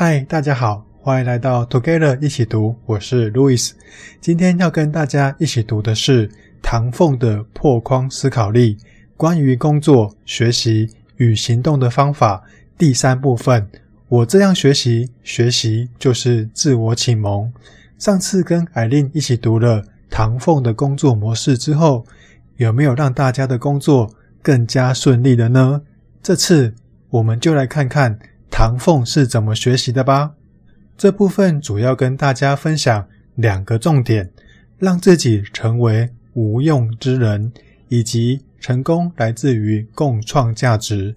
嗨，Hi, 大家好，歡迎來到 Together 一起讀，我是 Louis。今天要跟大家一起讀的是唐鳳的破框思考力：關於工作、學習與行動的方法第三部分。我這樣學習，學習就是自我啟蒙。上次跟艾琳一起讀了唐鳳的工作模式之後，有沒有讓大家的工作更加順利了呢？這次我們就來看看。唐鳳是怎麼學習的吧？這部分主要跟大家分享兩個重點：讓自己成為無用之人，以及成功來自於共創價值。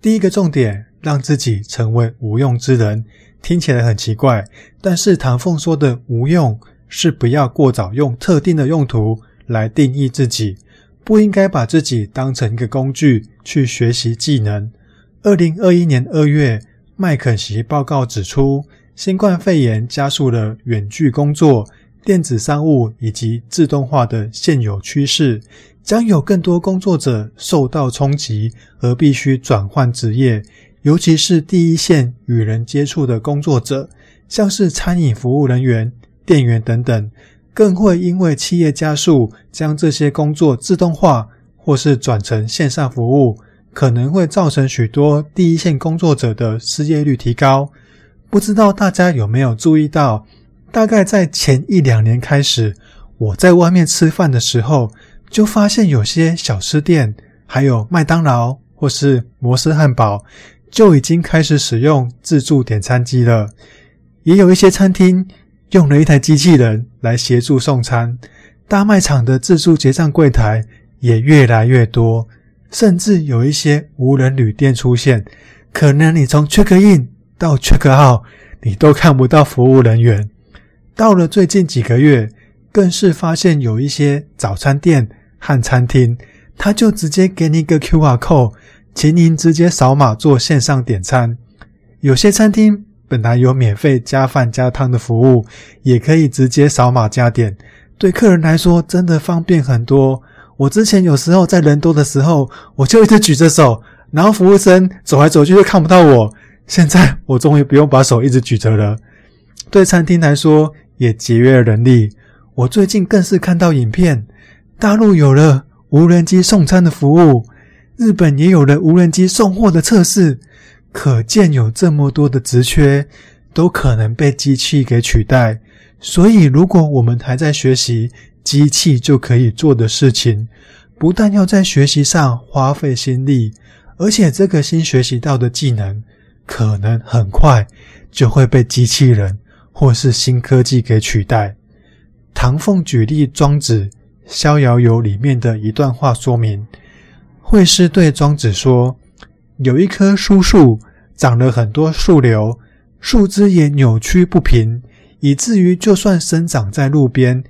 第一個重點，讓自己成為無用之人，聽起來很奇怪，但是唐鳳說的“無用”是不要過早用特定的用途來定義自己，不應該把自己當成一個工具去學習技能。二零二一年二月，麥肯錫報告指出，新冠肺炎加速了遠距工作、電子商務以及自動化的現有趨勢，將有更多工作者受到衝擊而必須轉換職業，尤其是第一線與人接觸的工作者，像是餐飲服務人員、店員等等，更會因為企業加速將這些工作自動化，或是轉成線上服務。可能會造成許多第一線工作者的失業率提高。不知道大家有沒有注意到，大概在前一兩年開始，我在外面吃飯的時候，就發現有些小吃店，還有麥當勞或是摩斯漢堡，就已經開始使用自助點餐機了。也有一些餐廳用了一台機器人來協助送餐，大賣場的自助結賬櫃台也越來越多。甚至有一些無人旅店出現，可能你從 check in 到 check out，你都看不到服務人員。到了最近幾個月，更是發現有一些早餐店和餐廳，他就直接給你一個 QR code，請您直接掃碼做線上點餐。有些餐廳本來有免費加飯加湯的服務，也可以直接掃碼加點，對客人來說真的方便很多。我之前有時候在人多的時候，我就一直舉着手，然後服務生走來走去就看不到我。現在我終於不用把手一直舉着了。對餐廳來說，也節約了人力。我最近更是看到影片，大陸有了無人機送餐的服務，日本也有了無人機送貨的測試。可見有這麼多的職缺，都可能被機器給取代。所以，如果我們還在學習，機器就可以做的事情，不但要在學習上花費心力，而且這個新學習到的技能，可能很快就會被機器人或是新科技給取代。唐鳳舉例《莊子·逍遙遊》裡面的一段話說明：惠施對莊子說：“有一棵樗樹，長了很多樹瘤，樹枝也扭曲不平，以至於就算生長在路邊。”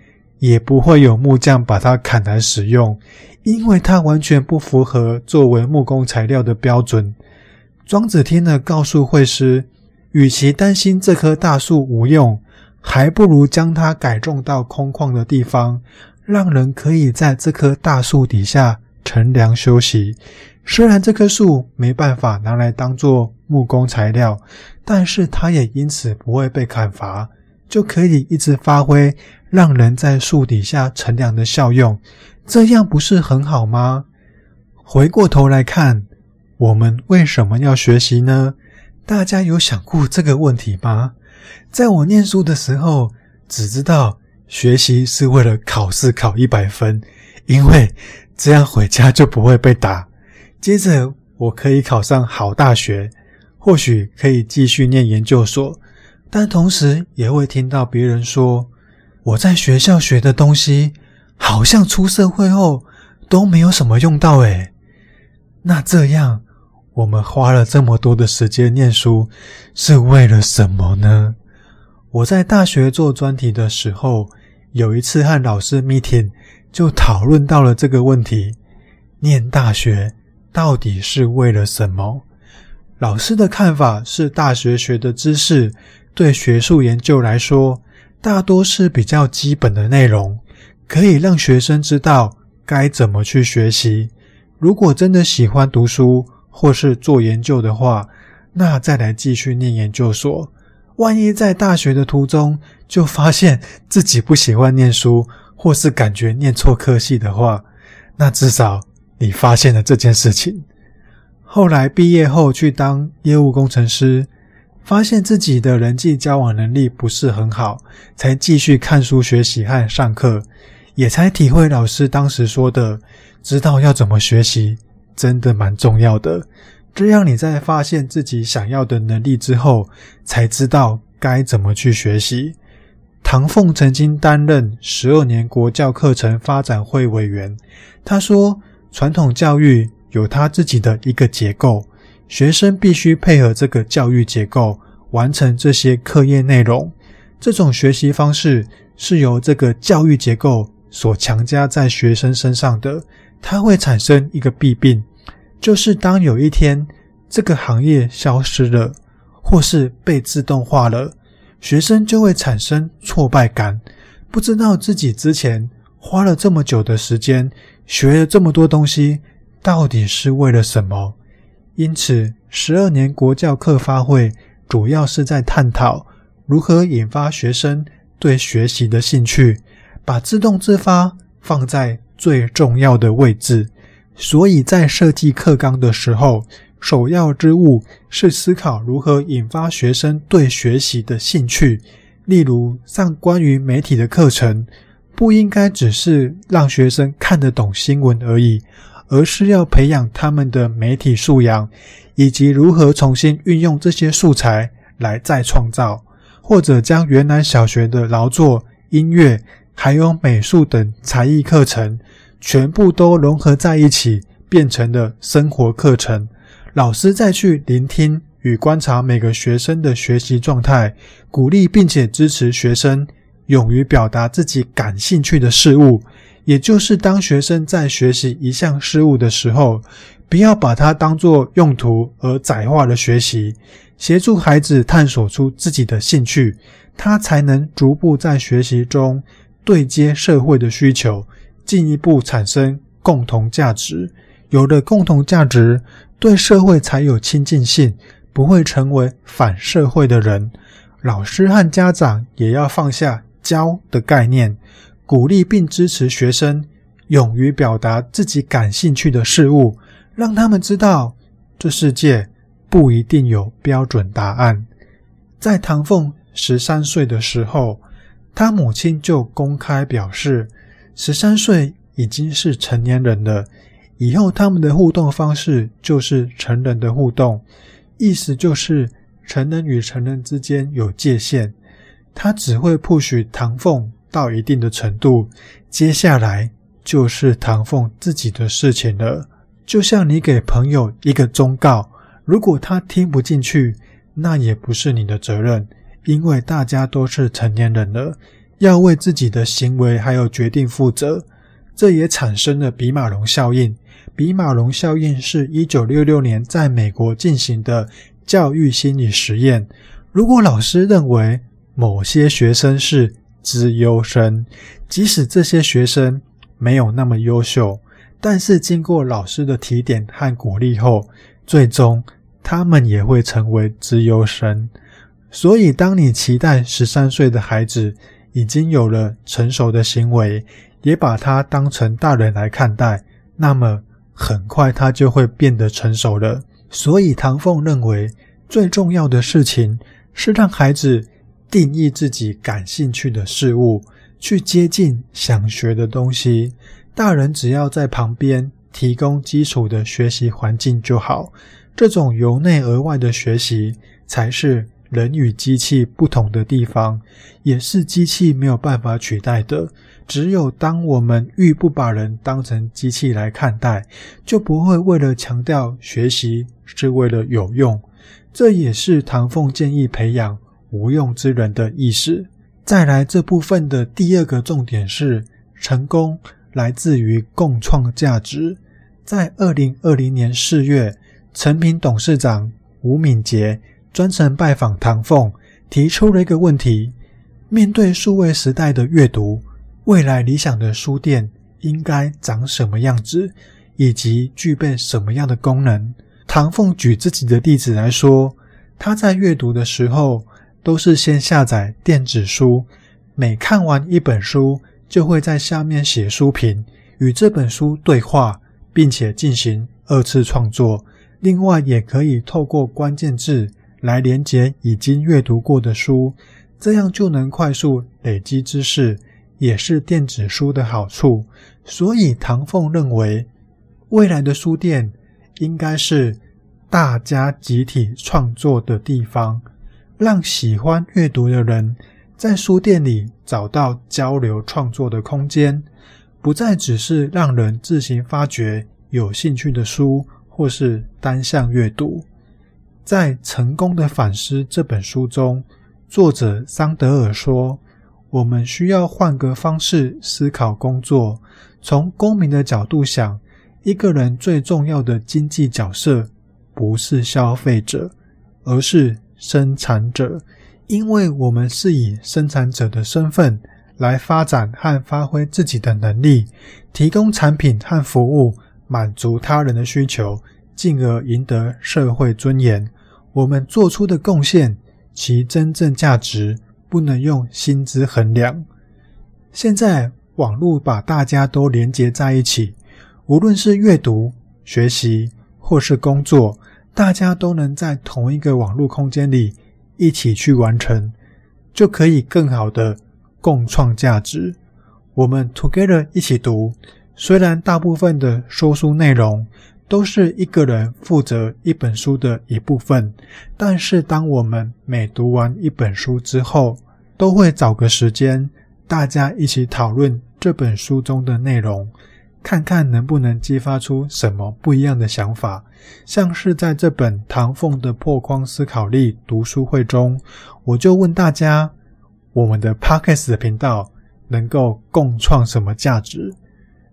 也不會有木匠把它砍來使用，因為它完全不符合作為木工材料的標準。莊子聽了，告訴惠施，與其擔心這棵大樹無用，還不如將它改種到空曠的地方，讓人可以在這棵大樹底下乘涼休息。雖然這棵樹沒辦法拿來當做木工材料，但是它也因此不會被砍伐，就可以一直發揮，讓人在樹底下乘涼的效用，這樣不是很好嗎？回過頭來看，我們為什麼要學習呢？大家有想過這個問題嗎？在我念書的時候，只知道學習是為了考試考一百分，因為這樣回家就不會被打。接着，我可以考上好大學，或許可以繼續念研究所，但同時也會聽到別人說，我在學校學的東西，好像出社會後都沒有什麼用到誒。那這樣，我們花了這麼多的時間唸書，是為了什麼呢？我在大學做專題的時候，有一次和老師 meeting 就討論到了這個問題：唸大學到底是為了什麼？老師的看法是，大學學的知識對學術研究來說。大多是比較基本的內容，可以讓學生知道該怎麼去學習。如果真的喜歡讀書或是做研究的話，那再來繼續念研究所。萬一在大學的途中就發現自己不喜歡念書，或是感覺念錯科系的話，那至少你發現了這件事情。後來畢業後去當業務工程師。發現自己的人際交往能力不是很好，才繼續看書學習和上課，也才體會老師當時說的，知道要怎麼學習，真的蠻重要的。這樣你在發現自己想要的能力之後，才知道該怎麼去學習。唐鳳曾經擔任十二年國教課程發展會委員，他說，傳統教育有他自己的一個結構。學生必須配合這個教育結構完成這些課業內容。這種學習方式是由這個教育結構所強加在學生身上的。它會產生一個弊病，就是當有一天這個行業消失了，或是被自動化了，學生就會產生挫敗感，不知道自己之前花了這麼久的時間，學了這麼多東西，到底是為了什麼。因此，十二年國教課發會主要是在探討如何引發學生對學習的興趣，把自動自發放在最重要的位置。所以在設計課綱的時候，首要之務是思考如何引發學生對學習的興趣。例如，上關於媒體的課程，不應該只是讓學生看得懂新聞而已。而是要培養他們的媒體素養，以及如何重新運用這些素材來再創造，或者將原來小學的勞作、音樂，還有美術等才藝課程，全部都融合在一起，變成了生活課程。老師再去聆聽與觀察每個學生的學習狀態，鼓勵並且支持學生勇於表達自己感興趣的事物。也就是，當學生在學習一項事物的時候，不要把它當作用途而窄化的學習，協助孩子探索出自己的興趣，他才能逐步在學習中對接社會的需求，進一步產生共同價值。有了共同價值，對社會才有親近性，不會成為反社會的人。老師和家長也要放下教的概念。鼓勵並支持學生勇於表達自己感興趣的事物，讓他們知道這世界不一定有標準答案。在唐鳳十三歲的時候，他母親就公開表示，十三歲已經是成年人了，以後他們的互動方式就是成人的互動，意思就是成人與成人之間有界限，他只會 push 唐鳳。到一定的程度，接下來就是唐鳳自己的事情了。就像你給朋友一個忠告，如果他聽不進去，那也不是你的責任，因為大家都是成年人了，要為自己的行為還有決定負責。這也產生了比馬龍效應。比馬龍效應是一九六六年在美國進行的教育心理實驗。如果老師認為某些學生是資優生，即使這些學生沒有那麼優秀，但是經過老師的提點和鼓勵後，最終他們也會成為資優生。所以，當你期待十三歲的孩子已經有了成熟的行為，也把他當成大人來看待，那麼很快他就會變得成熟了。所以，唐鳳認為最重要的事情是讓孩子。定義自己感興趣的事物，去接近想學的東西。大人只要在旁邊提供基礎的學習環境就好。這種由內而外的學習，才是人與機器不同的地方，也是機器沒有辦法取代的。只有當我們愈不把人當成機器來看待，就不會為了強調學習是為了有用。這也是唐鳳建議培養。無用之人的意識。再來這部分的第二個重點是：成功來自於共創價值。在二零二零年四月，誠品董事長吳敏傑專程拜訪唐鳳，提出了一個問題：面對數位時代的閱讀，未來理想的書店應該長什麼樣子，以及具備什麼樣的功能？唐鳳舉自己的例子來說，他在閱讀的時候，都是先下載電子書，每看完一本書，就會在下面寫書評，與這本書對話，並且進行二次創作。另外，也可以透過關鍵字來連結已經閱讀過的書，這樣就能快速累積知識，也是電子書的好處。所以，唐鳳認為，未來的書店應該是大家集體創作的地方。讓喜歡閱讀的人在書店裡找到交流創作的空間，不再只是讓人自行發掘有興趣的書，或是單向閱讀。在《成功的反思》這本書中，作者桑德爾說：“我們需要換個方式思考工作。從公民的角度想，一個人最重要的經濟角色不是消費者，而是……”生產者，因為我們是以生產者的身份來發展和發揮自己的能力，提供產品和服務，滿足他人的需求，進而贏得社會尊嚴。我們做出的貢獻，其真正價值不能用薪資衡量。現在，網絡把大家都連接在一起，無論是閱讀、學習，或是工作。大家都能在同一個網絡空間裡一起去完成，就可以更好的共創價值。我們 together 一起讀，雖然大部分的說書內容都是一個人負責一本書的一部分，但是當我們每讀完一本書之後，都會找個時間大家一起討論這本書中的內容。看看能不能激發出什麼不一樣的想法，像是在這本唐鳳的破框思考力讀書會中，我就問大家，我們的 Podcast 頻道能夠共創什麼價值？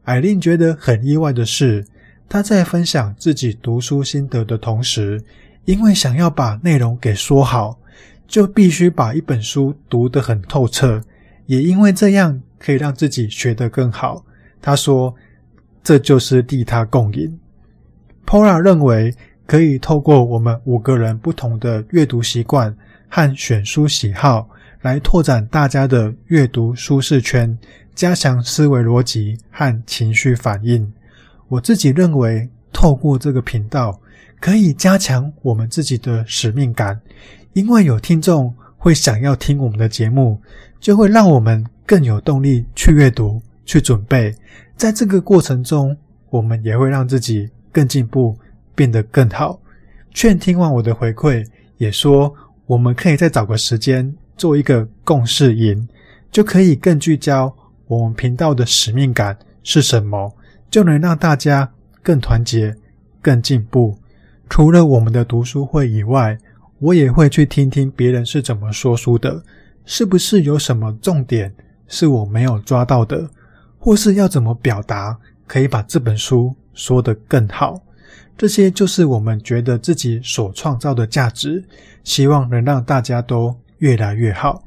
艾琳覺得很意外的是，她在分享自己讀書心得的同時，因為想要把內容給說好，就必須把一本書讀得很透徹，也因為這樣可以讓自己學得更好。她說。這就是利他共贏。Paula 認為，可以透過我們五個人不同的閱讀習慣和選書喜好，來拓展大家的閱讀舒適圈，加強思維邏輯和情緒反應。我自己認為，透過這個頻道，可以加強我們自己的使命感，因為有聽眾會想要聽我們的節目，就會讓我們更有動力去閱讀。去準備，在這個過程中，我們也會讓自己更進步，變得更好。勸聽完我的回饋，也說我們可以再找個時間做一個共識營，就可以更聚焦我們頻道的使命感是什麼，就能讓大家更團結、更進步。除了我們的讀書會以外，我也會去聽聽別人是怎麼說書的，是不是有什麼重點是我沒有抓到的。或是要怎麼表達，可以把這本書說得更好，這些就是我們覺得自己所創造的價值，希望能讓大家都越來越好。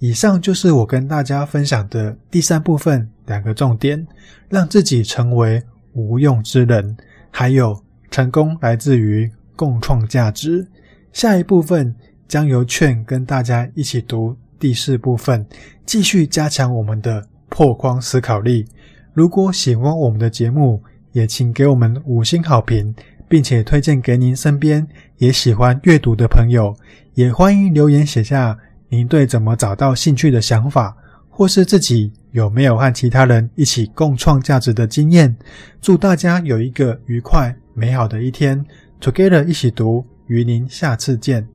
以上就是我跟大家分享的第三部分兩個重點：讓自己成為無用之人，還有成功來自於共創價值。下一部分將由 Chen 跟大家一起讀第四部分，繼續加強我們的破框思考力。如果喜歡我們的節目，也請給我們五星好評，並且推薦給您身邊也喜歡閱讀的朋友。也歡迎留言寫下您對怎麼找到興趣的想法，或是自己有沒有和其他人一起共創價值的經驗。祝大家有一個愉快美好的一天！Together 一起讀，與您下次見。